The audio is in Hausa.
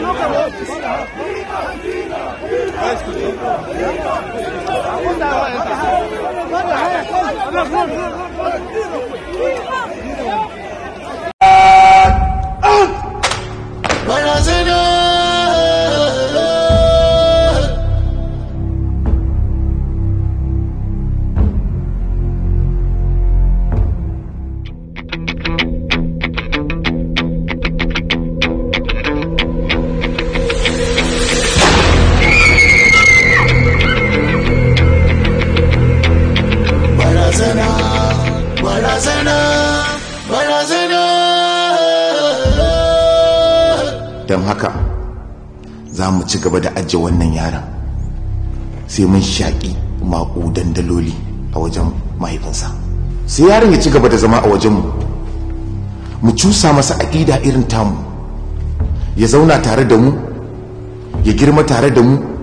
não não Viva! Viva! don haka za mu ci gaba da ajiye wannan yaron sai mun shaƙi maƙudan daloli a wajen mahaifinsa sai yaron ya ci gaba da zama a wajenmu mu cusa masa aƙida irin tamu ya zauna tare da mu ya girma tare da mu